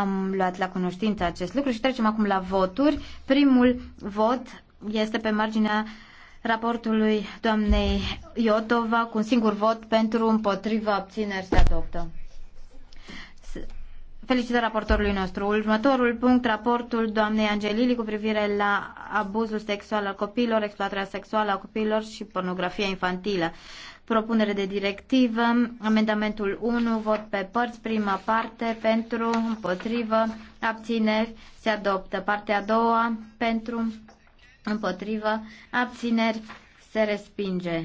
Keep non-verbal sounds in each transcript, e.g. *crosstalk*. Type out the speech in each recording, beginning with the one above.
Am luat la cunoștință acest lucru și trecem acum la voturi. Primul vot este pe marginea raportului doamnei Iotova cu un singur vot pentru împotriva abțineri se adoptă. Felicitări raportorului nostru. Următorul punct, raportul doamnei Angelili cu privire la abuzul sexual al copiilor, exploatarea sexuală a copiilor și pornografia infantilă. Propunere de directivă, amendamentul 1, vot pe părți, prima parte, pentru, împotrivă, abțineri, se adoptă. Partea a doua, pentru, împotrivă, abțineri, se respinge.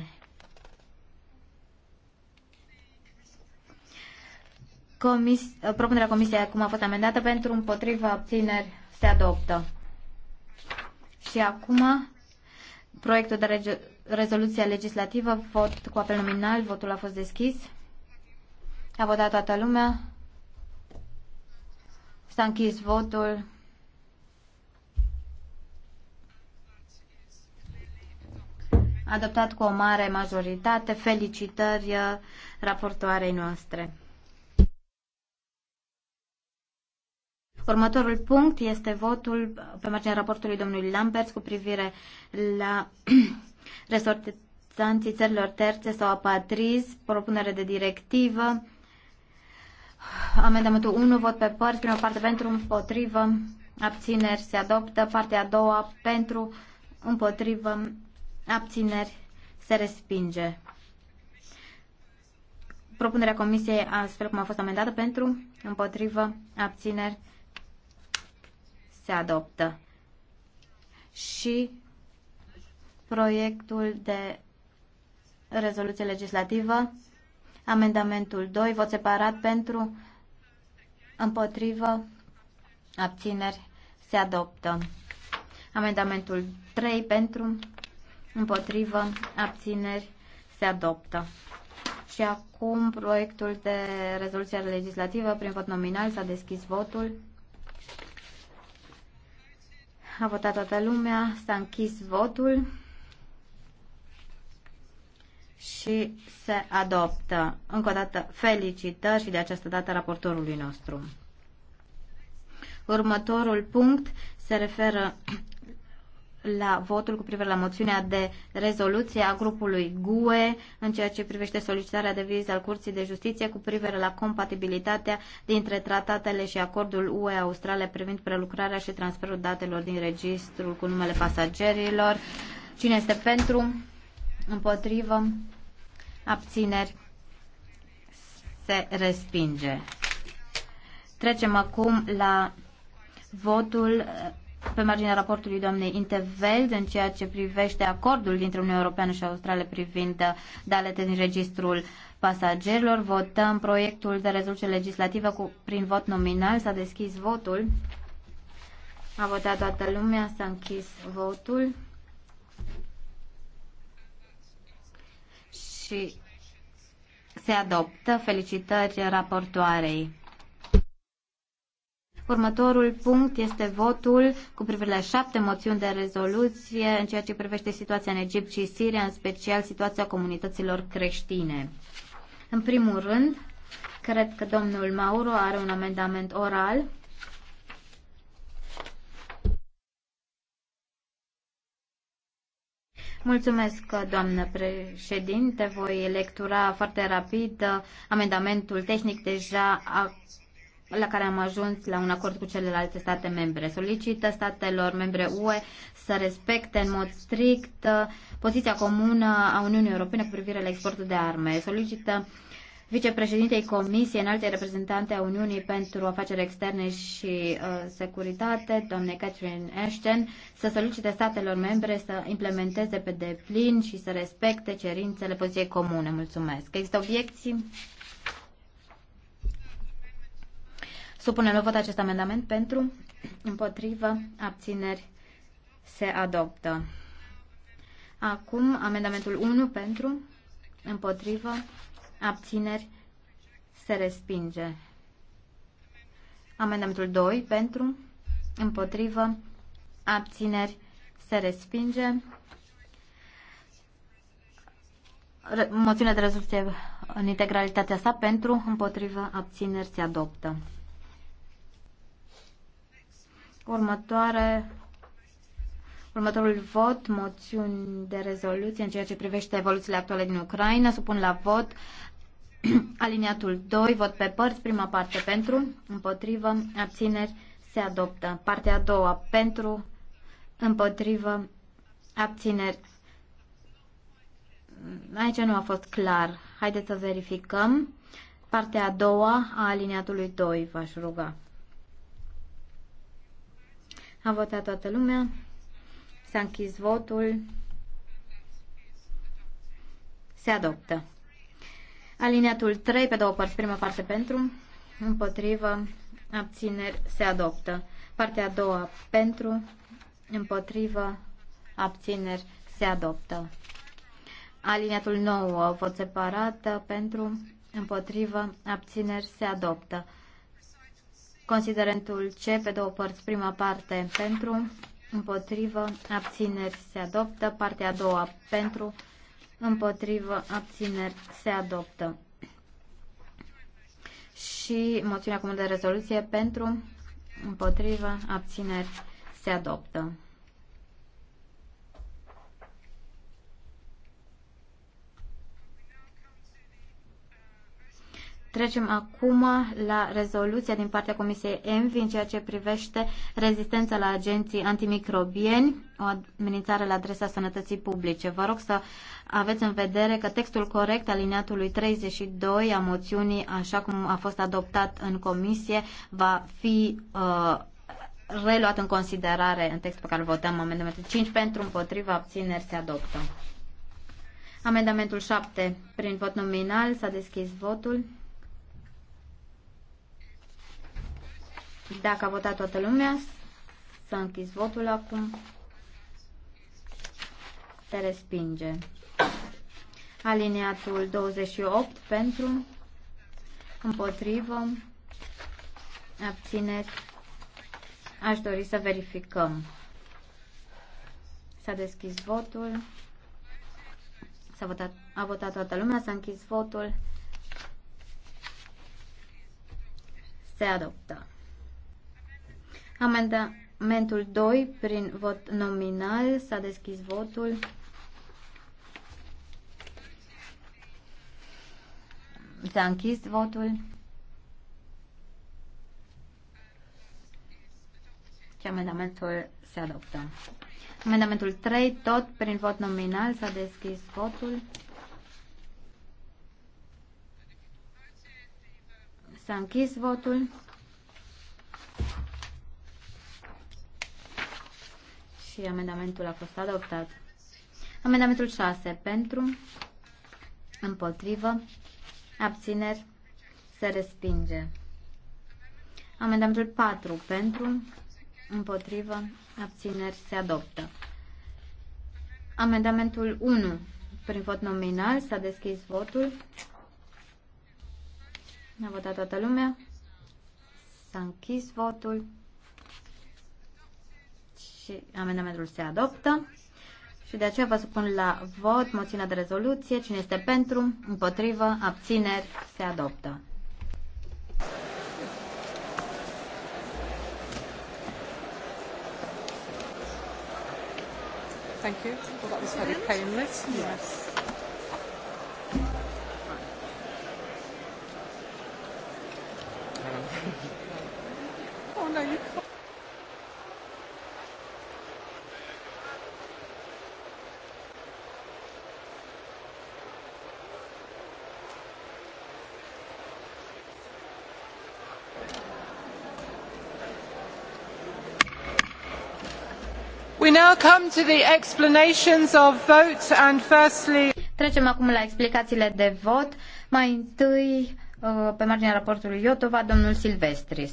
Comis, propunerea comisiei acum a fost amendată pentru împotriva abțineri se adoptă. Și acum proiectul de rege, rezoluție legislativă, vot cu apel nominal, votul a fost deschis. A votat toată lumea. S-a închis votul. Adoptat cu o mare majoritate. Felicitări raportoarei noastre. Următorul punct este votul pe marginea raportului domnului Lambert cu privire la *clears throat* resortizanții țărilor terțe sau apatriz, propunere de directivă. Amendamentul 1, vot pe părți, prima parte pentru, împotrivă, abțineri se adoptă, partea a doua pentru, împotrivă, abțineri se respinge. Propunerea comisiei astfel cum a fost amendată pentru, împotrivă, abțineri se adoptă. Și proiectul de rezoluție legislativă, amendamentul 2, vot separat pentru, împotrivă, abțineri, se adoptă. Amendamentul 3 pentru, împotrivă, abțineri, se adoptă. Și acum proiectul de rezoluție legislativă prin vot nominal s-a deschis votul. A votat toată lumea, s-a închis votul și se adoptă. Încă o dată felicitări și de această dată raportorului nostru. Următorul punct se referă la votul cu privire la moțiunea de rezoluție a grupului GUE în ceea ce privește solicitarea de viză al Curții de Justiție cu privire la compatibilitatea dintre tratatele și acordul UE-Australia privind prelucrarea și transferul datelor din registrul cu numele pasagerilor. Cine este pentru? Împotrivă? Abțineri? Se respinge. Trecem acum la votul pe marginea raportului doamnei Interveld în ceea ce privește acordul dintre Uniunea Europeană și Australia privind dalete din registrul pasagerilor. Votăm proiectul de rezoluție legislativă cu, prin vot nominal. S-a deschis votul. A votat toată lumea, s-a închis votul. Și se adoptă. Felicitări raportoarei. Următorul punct este votul cu privire la șapte moțiuni de rezoluție în ceea ce privește situația în Egipt și Siria, în special situația comunităților creștine. În primul rând, cred că domnul Mauro are un amendament oral. Mulțumesc, doamnă președinte. Voi lectura foarte rapid amendamentul tehnic deja la care am ajuns la un acord cu celelalte state membre. Solicită statelor membre UE să respecte în mod strict uh, poziția comună a Uniunii Europene cu privire la exportul de arme. Solicită vicepreședintei Comisiei înalte reprezentante a Uniunii pentru afaceri externe și uh, securitate, doamne Catherine Ashton, să solicite statelor membre să implementeze pe deplin și să respecte cerințele poziției comune. Mulțumesc. Există obiecții? Supunem la vot acest amendament pentru, împotrivă, abțineri, se adoptă. Acum, amendamentul 1 pentru, împotrivă, abțineri, se respinge. Amendamentul 2 pentru, împotrivă, abțineri, se respinge. Moțiunea de rezoluție în integralitatea sa pentru, împotrivă, abțineri, se adoptă. Următoare, următorul vot, moțiuni de rezoluție în ceea ce privește evoluțiile actuale din Ucraina. Supun la vot *clears throat* aliniatul 2, vot pe părți, prima parte pentru, împotrivă, abțineri, se adoptă. Partea a doua pentru, împotrivă, abțineri. Aici nu a fost clar. Haideți să verificăm. Partea a doua a aliniatului 2, v-aș ruga. A votat toată lumea. S-a închis votul. Se adoptă. Alineatul 3 pe două părți, prima parte pentru, împotrivă, abțineri, se adoptă. Partea a doua pentru, împotrivă, abțineri, se adoptă. Alineatul 9, vot separat pentru, împotrivă, abțineri, se adoptă. Considerentul C pe două părți, prima parte pentru, împotrivă, abțineri se adoptă, partea a doua pentru, împotrivă, abțineri se adoptă. Și moțiunea comună de rezoluție pentru, împotrivă, abțineri se adoptă. Trecem acum la rezoluția din partea Comisiei ENVI în ceea ce privește rezistența la agenții antimicrobieni, o amenințare la adresa sănătății publice. Vă rog să aveți în vedere că textul corect aliniatului 32 a moțiunii, așa cum a fost adoptat în comisie, va fi uh, reluat în considerare în textul pe care îl votăm, amendamentul 5 pentru, împotriva, abțineri, se adoptă. Amendamentul 7, prin vot nominal, s-a deschis votul. Dacă a votat toată lumea, s-a închis votul acum. Se respinge. Aliniatul 28 pentru, împotrivă, abțineri. Aș dori să verificăm. S-a deschis votul. a votat, a votat toată lumea, s-a închis votul. Se adoptă. Amendamentul 2 prin vot nominal. S-a deschis votul. S-a închis votul. Și amendamentul se adoptă. Amendamentul 3, tot prin vot nominal, s-a deschis votul. S-a închis votul. și amendamentul a fost adoptat. Amendamentul 6 pentru, împotrivă, abțineri, se respinge. Amendamentul 4 pentru, împotrivă, abțineri, se adoptă. Amendamentul 1 prin vot nominal s-a deschis votul. A votat toată lumea. S-a închis votul și amendamentul se adoptă. Și de aceea vă supun la vot moțiunea de rezoluție. Cine este pentru, împotrivă, abțineri, se adoptă. Thank you. Well, that was very painless. Yes. oh, no, you can't. We now come to the explanations of vote and firstly... Trecem acum la explicațiile de vot. Mai întâi, uh, pe marginea raportului Iotova, domnul Silvestris.